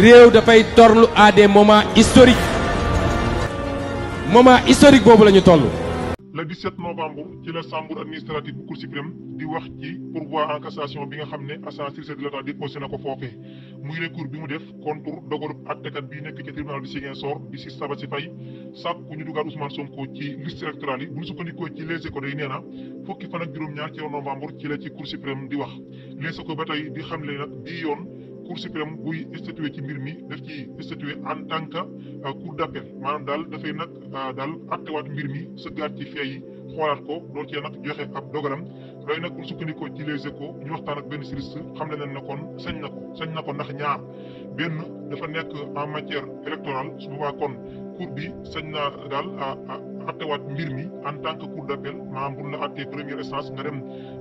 réew dafay torlu à des moment historiques moment historique boobu la ñu toll. le 17 novembre ci la chambre administrative bu Cour suprême di wax ci pourvoi en cassation bi nga xam ne instance de l'État déposé na ko foofee. muy recours bi mu def contre dogalu attekat bi nekk ci tribunal bi Ziguinchor di Ciss Sabassy Faye sàkku ñu dugaat Ousmane Sonko ci liste électorale yi bu ñu sukkandikoo ci les écoles yi nee na fukki fan juróom-ñaar ci novembre ci la ci cour suprême di wax les écoles ba tey di xamle nag di yoon cour suprême buy statué ci mbir mi daf ci statué en tant que euh, cour d'appel maanaam daal dafay nag euh, daal attewaat mbir mi sëggaat ci fee xoolaat ko loolu ci la nag joxe ab dogalam loolu nag bu sukkandikoo ci les échos ñu waxtaan ak benn juriste xam le ne kon sañ na ko sañ na ko ndax ñaar benn dafa nekk en matière électorale su boobaa kon cour bi sañ naa daal attewaat mbir mi en tant que d'appel maanaam bu la attee première instance nga dem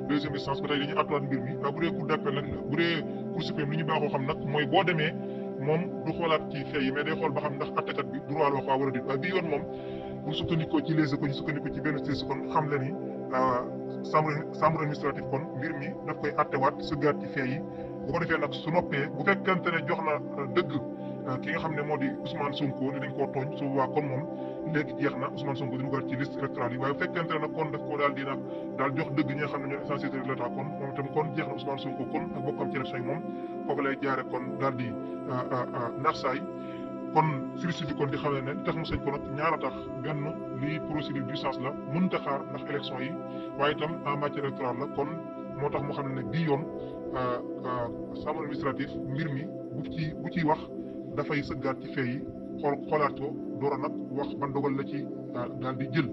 deuxième instance ba tey dañuy attewaat mbir mi waaye bu dee cour d'appel nag bu dee cour suprême li ñu xam nag mooy boo demee moom du xoolaat ci fee yi mais day xool ba xam ndax bu sukkandikoo ci les secours ñu sukkandikoo ci benn si kon xam la ni euh, chambre chambre administrative kon mbir mi daf koy attewaat su gaat ci fee yi bu ko defee nag su noppee bu fekkente ne jox na euh, dëgg euh, ki nga xam ne moo di Ousmane Sonko dinañ koo tooñ su boobaa kon moom léegi jeex na Ousmane Sonko dina dugal ci liste électorale yi waaye bu fekkente daal di nag daal jox dëgg ñi xam ne ñoo essentiel de l'état kon moom itam kon jeex na Ousmane Sonko kon ak bokkam ci élection yi moom foofu lay jaare kon daal di narsaay kon firsi kon di xam ne tax mu sañ ko nag ñaar a tax benn lii procédure d'urgence la mënta xaar ndax élection yi waaye tam en matière électorale la kon moo tax moo xam ne ne bii yoon euh, euh, sama administratif mbir mi bu ci bu ciy wax dafay sëggaat ci fee yi xool xoolaat ko door nag wax ban dogal la ci euh, daal di jël.